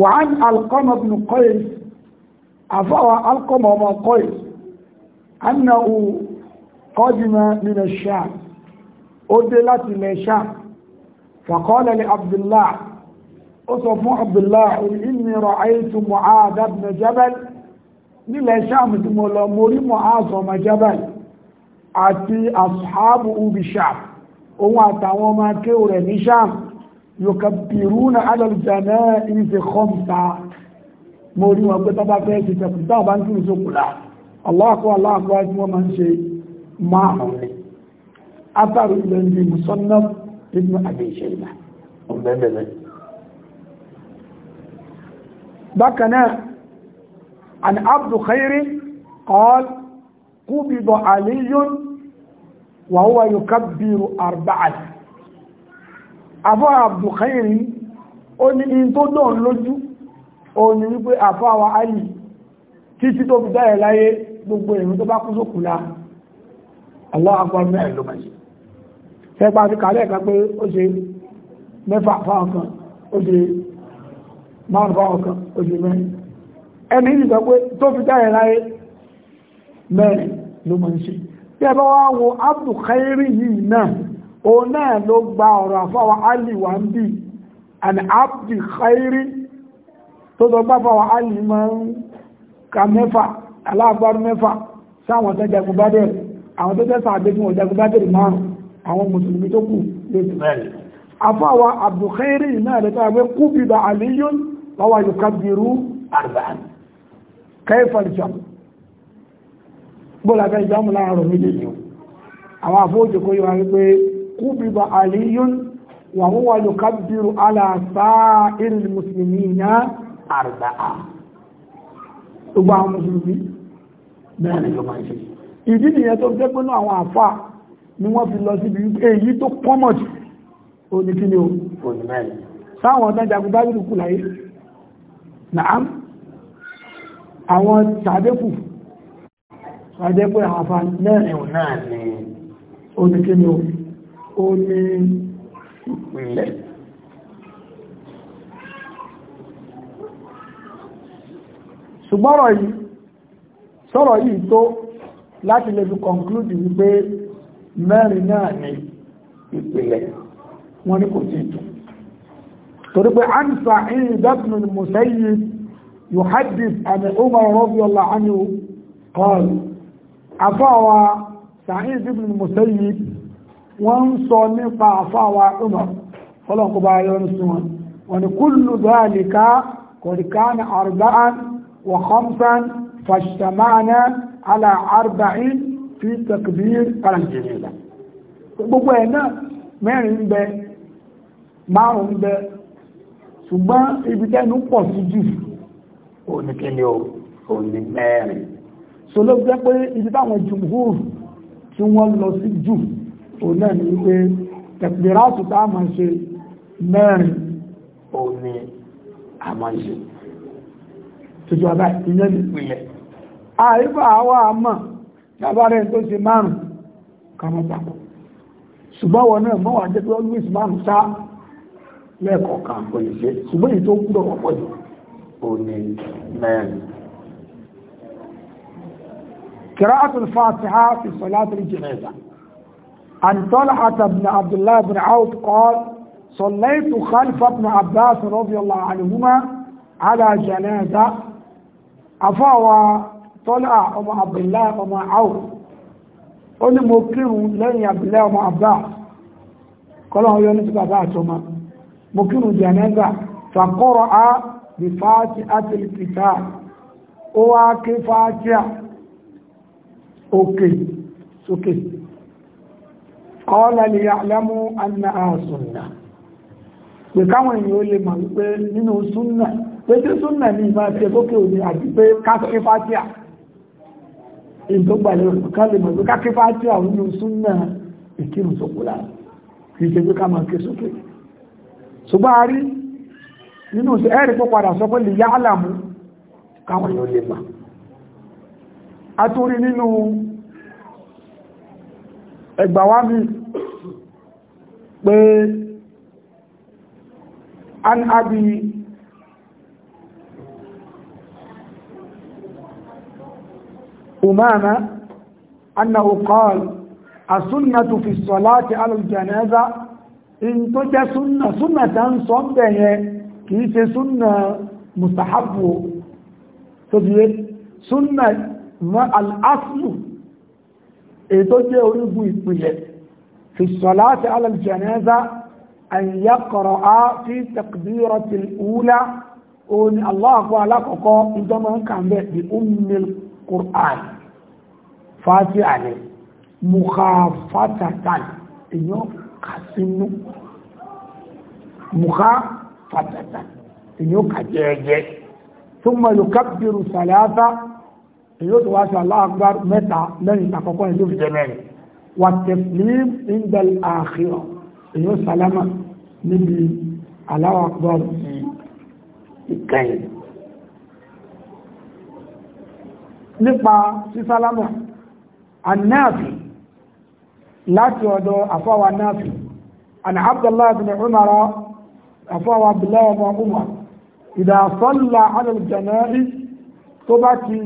وعن القمة بن قيس أفوى القمة بن قيس أنه قدم من الشام أدلت من الشام فقال لعبد الله ó sọ fún abdullahi inni ra'aytu mu'adh ibn jabal nílẹ̀ sáàmù tí mo lọ mo rí mu'adh ọmọ jabal àti ashabu ubi sham òun àtàwọn ọmọ akéwò rẹ̀ ní sham yukabbiruna ala al-jana'iz khamsa mo rí wọn pé tó bá fẹ́ ti tẹ̀kù tó bá ń kí ìsókùlá aláàkọ́ aláàkọ́ tí wọ́n máa ń ṣe márùn-ún rẹ̀ atàrí ilẹ̀ ní musannaf ibn abi shayba ọ̀bẹ̀bẹ̀rẹ̀ بكنا عن عبد خير قال قبض علي وهو يكبر أربعة أفا عبد خير أن إنتو دون لجو أن يبقى أفا وعلي títí tó fi dáyẹ̀ láyé gbogbo ìrìn tó bá kú sókù lá Allah akbar mẹ́rin ló máa ṣe fẹ́ pa fi kàálẹ̀ pé ó ṣe mẹ́fà fáwọn kan ó ṣe márùn bá wọn kan oṣù mẹ́rin ẹni yìí sọ pé tó fi jáde láyé mẹ́rin ló mọ̀ ń ṣe tí ẹ bá wá wo Abdu Khairi yìí náà òun náà ló gba ọ̀rọ̀ àfáwà Ali wà ń bì Khairi tó sọ gbáfà wà Ali máa ń ka mẹ́fà aláàbárú mẹ́fà sáwọn tó jagun bá dẹ̀ àwọn tó jẹ́ sàbẹ̀ tí wọ́n jagun bá dẹ̀ márùn àwọn mùsùlùmí tó kù lè tì mẹ́rin àfáwà Abdu Khairi náà lẹ́tọ́ àgbẹ̀ kúbi da àlíyún فهو يكبر أربعا كيف الجمع بولا كان الجمع لا يعرف من اليوم أما فوجكم يقول قبض علي وهو يكبر على سائر المسلمين أربعا gbogbo àwọn mùsùlùmí bẹ́ẹ̀ ni yọba ṣe ìdí nìyẹn tó jẹ́ pé àwọn àfà ni wọ́n fi lọ síbi èyí tó pọ́mọ̀ jù oníkíni o òní mẹ́rin sáwọn ọ̀tán jagun bá kù láyé nàám àwọn sàdékù sàdékù àfà mẹ́rin náà ni ó ní kí ni ó ní ìpìlẹ̀ ṣùgbọ́rọ̀ yìí sọ̀rọ̀ yìí tó láti lè fi conclude wípé mẹ́rin náà ni ìpìlẹ̀ wọ́n ní kò sí ìtù torí pé an sa'id ibn al-musayyib yuhaddith an umar radiyallahu anhu qala afáwa sa'id ibn al-musayyib wọ́n ń sọ nípa afáwa umar fọlọ́nkọba yọrù sí wọn wọ́n ni kullu dhalika qad arba'an wa khamsan fajtama'na ala arba'in fi takbir kalanjẹrẹ gbogbo ẹ̀ náà mẹ́rin ń márùn-ún bẹ ṣùgbọ́n ibi tẹ́nu pọ̀ sí jù oníkíni ò ní mẹ́rin so ló jẹ́ pé ibi táwọn jùmúhùrù tí wọ́n lọ sí jù ò náà ní wípé tẹ̀pìrátù tá a máa ṣe mẹ́rin ò ní a máa ṣe tòjú ọba ìyẹn nìpìnlẹ̀ àìfà àwọ̀ àmà lábárẹ̀ tó ṣe márùn-ún kàmọ́tàkù ṣùgbọ́n wọn náà mọ́wàá jẹ́ pé always márùn-ún sáà lẹ́ẹ̀kọ̀ọ̀kan kò lè ṣe ṣùgbọ́n èyí tó gbúdọ̀ pọ̀pọ̀ jù ò ní mẹ́rin. قراءة الفاتحة في صلاة الجنازة عن طلحة بن عبد الله بن عوف قال صليت خلف ابن عباس رضي الله عنهما على جنازة أفاوى طلحة أم عبد الله أم عوف أن مكرم لن يبلغ عباس قال هو يونس بابا mo kírun janaza fàkọ́rọ̀ á bí fàájì àtìlìkìtà ó wá ké fàájì à òkè sókè qala li ya'lamu annaha sunnah pé káwọn èèyàn ó lè mọ̀ wípé nínú súnnà pé tí súnnà ní ìbá ṣe kókè òní àti pé káké fàájì à èyí tó gbà lérò ká lè mọ̀ wípé káké fàájì à nínú súnnà ìkírun sókè láàrín ṣe pé ká máa ké sókè yìí ṣùgbọ́n a rí nínú ẹ̀rí pọ́ padà sọ pé lè yá àlàmú káwọn èèyàn lè mà a tún rí nínú ẹgbàwá pé an abi umama annahu qala as-sunnatu fi as-salati 'ala al-janaza in tó jẹ́ súnà súnà tá ń sọ ń bẹ̀ yẹn kìí ṣe súnà mustahabu tó bí súnà mọ́ al'aslu èyí tó jẹ́ orígun ìpìlẹ̀ fi salati ala al-janaza an yaqra'a fi takbirati al-ula òní aláàkọ́ alákọ̀ọ́kọ́ ìjọmọ̀ ń kàn bẹ́ bí ummil Qur'an fàájì àlẹ́ mùkàfàtàtàn èyàn kà sínú mùká fàtàtà èyàn kà jẹ́ẹ̀jẹ́ tó mọ̀ yóò kápẹ́rù sàlẹ́àtà èyàn tó wá sí aláàgbà mẹ́ta lẹ́yìn àkọ́kọ́ ìlú ìjẹ́mẹ́rin wà tẹ̀sílìm ìndẹ̀l àkírọ̀ èyàn sàlámà níbi aláwàgbà ìkẹyìn nípa sísálámà annáàfin láti ọ̀dọ̀ àfọwà náàfi àni abdullahi bin umar àfọwà abdullahi ọmọ umar ìdá sọ́lá alal janaari tó bá ti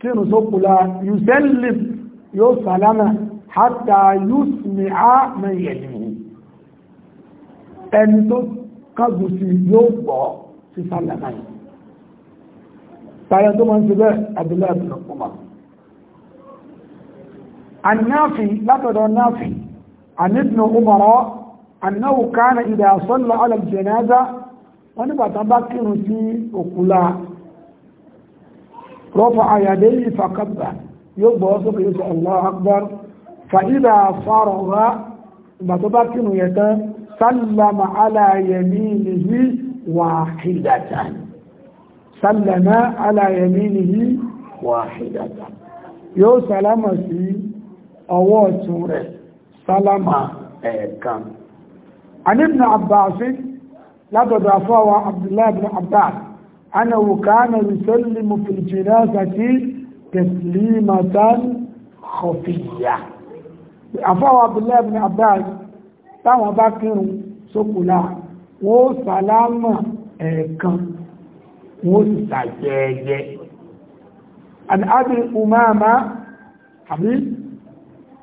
kírù sókùlá yuselif yóò sàlámà hátà yusmi'a mẹ́yẹ̀lú ẹni tó kágùsì yóò gbọ́ sí sàlámà yìí tààrẹ tó النافي لا تدعو النافي عن ابن عمر أنه كان إذا صلى على الجنازة ونبقى تبكر في أقلاء رفع يديه فكبر يبقى وصف يسأل الله أكبر فإذا فرغ بتبكر يده سلم على يمينه واحدة سلم على يمينه واحدة يو سلام سي ọwọ́ ọ̀tún rẹ̀ sálámà ẹ̀ẹ̀kan anibna abbasin látọ̀dọ̀ afọ́wà abdullahi ibn abbas annahu kana yusallimu fil janazati taslimatan khafiyya afọ́wà abdullahi ibn abbas táwọn bá kírun sókùlá wọ́n sálámà ẹ̀ẹ̀kan wọ́n sì sàyẹ̀yẹ an abi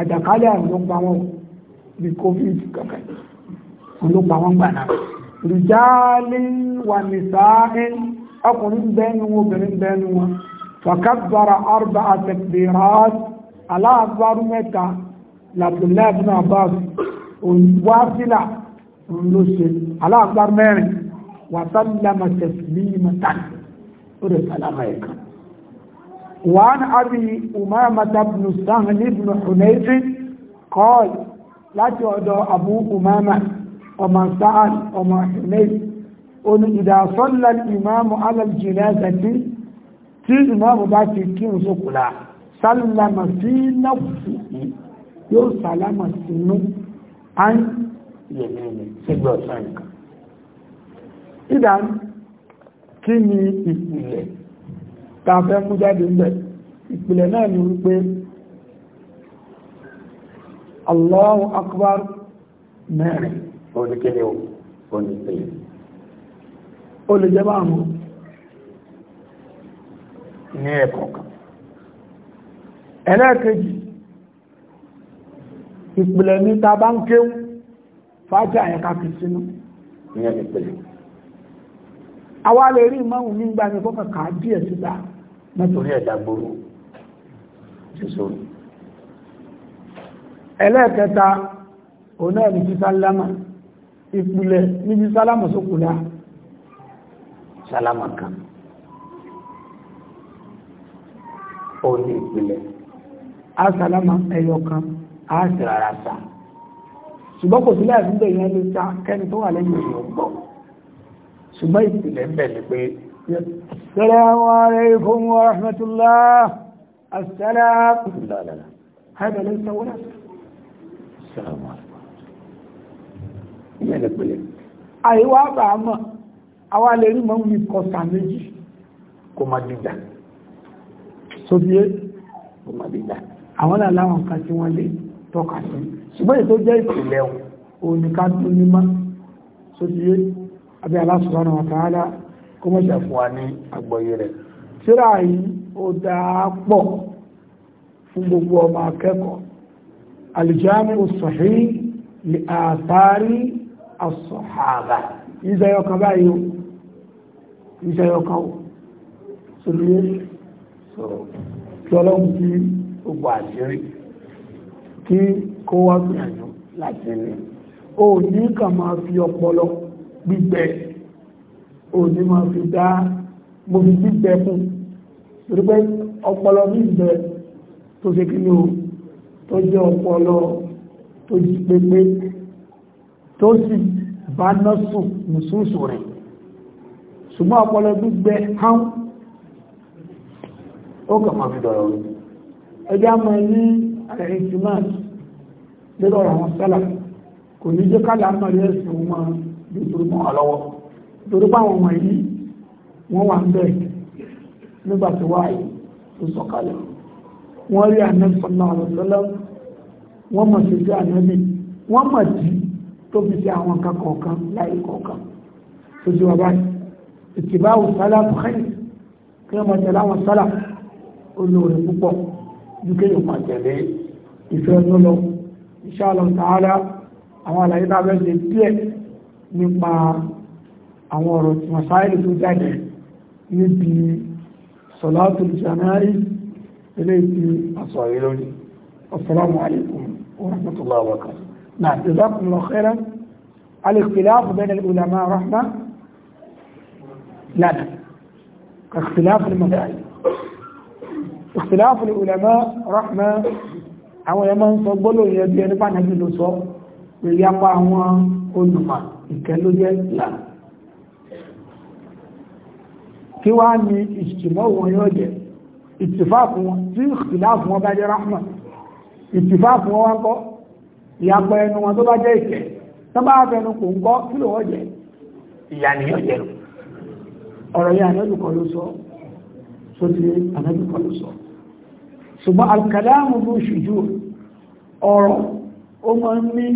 àjàkálẹ̀ àrùn ló pa wọn bí covid kankan wọn ló pa wọn gbà náà rìjáàlì wà nìsáàín ọkùnrin bẹ́ẹ̀nu obìnrin bẹ́ẹ̀nu wọn fàkàbàrà arba àtẹ̀kìdìrán aláàbárú mẹ́ta làbùlẹ́bùn abbas wáfílà ló ṣe aláàbárú mẹ́rin wàtàlámà tẹ̀sílì mẹ́ta ó rẹ̀ sálámà ẹ̀kan وعن أبي أمامة بن سهل بن حنيف قال لا تعدى أبو أمامة ومن سعد ومن حنيف أن إذا صلى الإمام على الجنازة tí ìmọ̀mù bá ti kí ń sókùlá sálàmà sí náfìsì yóò sálàmà sínú án yẹ̀mẹ̀ni sígbẹ̀ ọ̀sán nǹkan. ìdá kí ni ìpìlẹ̀ tá a mú jáde ńbẹ̀ ìpìlẹ̀ náà ni wípé Allahu akbar mẹ́rin oníkẹ́lẹ́ oníkẹ́lẹ́ o lè jẹ́ bá mú ní ẹ̀kọ̀ọ̀kan ẹlẹ́ẹ̀kejì ìpìlẹ̀ ní ta bá ń kéwú fájá yẹn ká nụ sínú ìyẹn awa àwa lè rí ìmáhùn nígbà ní kọ́kàn nítorí ẹ̀dà gbòòrò jésòrò ẹlẹ́ẹ̀kẹta òun náà ní sísálámà ìpìlẹ̀ níbi sálámà sókùnlá sálámà kan òun ní ìpìlẹ̀ á sálámà ẹyọ kan á sì rárá sa ṣùgbọ́n kò sílẹ̀ àdúgbò yẹn lè ta kẹ́ni tó wà lẹ́yìn ìyọ̀ gbọ́ ṣùgbọ́n ìpìlẹ̀ ń bẹ̀ ni pé السلام عليكم ورحمة الله السلام لا لا لا هذا ليس ولد السلام عليكم ìyẹ̀lẹ̀ pẹ̀lẹ̀ àìwá àbàmọ́ àwọn alẹ́rí mọ́ ní kọta méjì kò má dìjà sóbíé kò má dìjà àwọn aláwọn kan tí wọ́n lè tọ́ka sí ṣùgbọ́n ètò jẹ́ ìpìlẹ̀ òníká tó ní má sóbíé abẹ́ Allah subhanahu wa ta'ala kó mọ́ ṣàfún wa ní àgbọ̀yé rẹ̀ tíra yìí ó dáa pọ̀ fún gbogbo ọmọ akẹ́kọ̀ọ́ al-Jami'u as-Sahih li athari as-Sahaba ìṣẹ́yọ kan báyìí o ìṣẹ́yọ kan o sóríyé kí ọlọ́run kí gbogbo àṣírí kí kó wá gbìyànjú láti ní o ní kà máa fi ọpọlọ gbígbẹ́ òní máa fi dá gbomi gbígbẹ fún torí pé ọpọlọ ní ìgbẹ tó ṣe kí ni o tó jẹ́ ọpọlọ tó jí pépé tó sì bá ná sùn nùsùsù rẹ̀ ṣùgbọ́n ọpọlọ gbígbẹ hán ó kàn máa fi dọ̀rọ̀ rẹ̀ ẹjá máa ní àrẹ̀rẹ̀ tìmáàtì lérò àwọn sálà kò ní jẹ́ kálà máa rí ẹ̀sìn wọn bí turumọ́ àlọ́wọ́ torí pé àwọn wọ̀nyí wọ́n wà ń bẹ̀ nígbà tó wà yìí tó sọ̀kalẹ̀ wọ́n rí ànábì sallallahu alaihi wasallam wọ́n mọ̀ sí sí ànábì wọ́n mọ̀ sí tó fi sí àwọn Allah ta'ala àwọn àlàyé tá a fẹ́ àwọn ọ̀rọ̀ tí wọ́n sáàrì tó jáde níbi sọ̀látù jama'i ilé ìpí àṣọ ìlórí assalamu alaikum wa rahmatullahi wa barakatuh na jazakumullahu khairan al-ikhtilaf bayna al-ulama rahma lana ka ikhtilaf al-madhahib ikhtilaf al-ulama rahma àwọn ẹmọ ń sọ gbọ́lọ̀ yẹn bí ẹni bá nàbí ló sọ pé yapa àwọn olùmọ̀ ìkẹ́ ló jẹ́ ìlànà kí wá ní ìṣìmọ́ wọn yóò jẹ́ ìtìfáàfù wọn tí ìtìláàfù wọn bá jẹ́ rahma ìtìfáàfù wọn wọ́n kọ́ ìyàpọ̀ ẹnu wọn tó bá jẹ́ ìkẹ́ tó bá fẹnu kò ń kọ́ kí ló wọ́n jẹ́ ìyànìyàn jẹ́ lò ọ̀rọ̀ yìí ànábìkọ́ ló sọ tó ti ànábìkọ́ ló sọ ṣùgbọ́n alkalamu ló ṣùjú ọ̀rọ̀ ó ma ń ní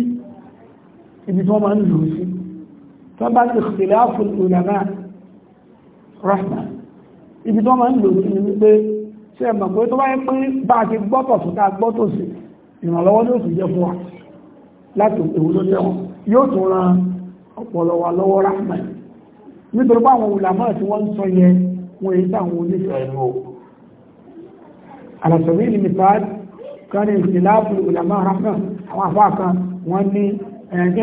ibi tó ma ń lù sí tó bá ti ìtìláàfù ulama rahma ibi tó máa ń lò sí ni wípé ṣe ẹ̀mọ̀ pé tó báyé pé bá a ti gbọ́tọ̀ sí ká gbọ́tọ̀ sí ìrànlọ́wọ́ ló sì jẹ́ fún wa láti èwo ló jẹ́ wọn yóò tún ran ọ̀pọ̀lọ̀ wa lọ́wọ́ rahma nítorí báwọn olùlàmọ́ tí wọ́n ń sọ yẹ wọn èyí táwọn oníṣẹ́ ẹ̀rọ àlàsọ̀rí ni mìfàd kan ní ìsìláàfù olùlàmọ́ rahma àwọn àfáà kan wọ́n ní ẹ̀yìn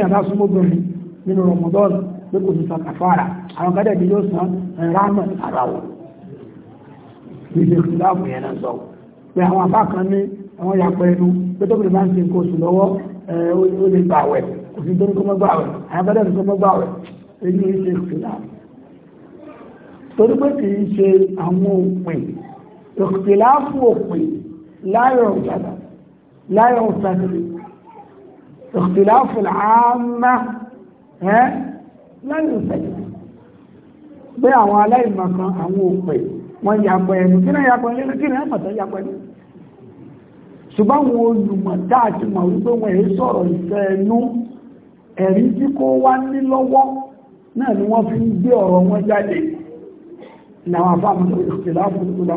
kí àwọn kádẹ̀ ni yóò san eh, rámọ̀ ara wọn ìṣe ìṣìláàmù yẹn náà sọ pé àwọn apá kan ní àwọn yàpọ̀ ẹnu pé tó bìrì máa ń ṣe nǹkan oṣù lọ́wọ́ eh, ó lè gbà wẹ̀ kò sí tó ní kó mọ́ gbà wẹ̀ àwọn kádẹ̀ ní kó gbà wẹ̀ èyí ìṣe ìṣìláàmù torí pé kì í ṣe àwọn òpin ìṣìláàmù òpin láyọ̀ òjàdà láyọ̀ òjàdà ìṣìláàmù àmà eh, láyọ̀ òjàdà pé àwọn aláìmọ̀kan àwọn òpè wọ́n yàpọ̀ ẹnu kí náà yàpọ̀ ẹnu kí náà mọ̀tọ́ yàpọ̀ ẹnu ṣùgbọ́n àwọn olùmọ̀ dáàtì mọ̀ wípé wọ́n èé sọ̀rọ̀ ìfẹ́ ẹnu ẹ̀rí tí kó wá ní lọ́wọ́ náà ni wọ́n fi ń gbé ọ̀rọ̀ wọn jáde làwọn afáàmù ìṣẹ̀láàfù wa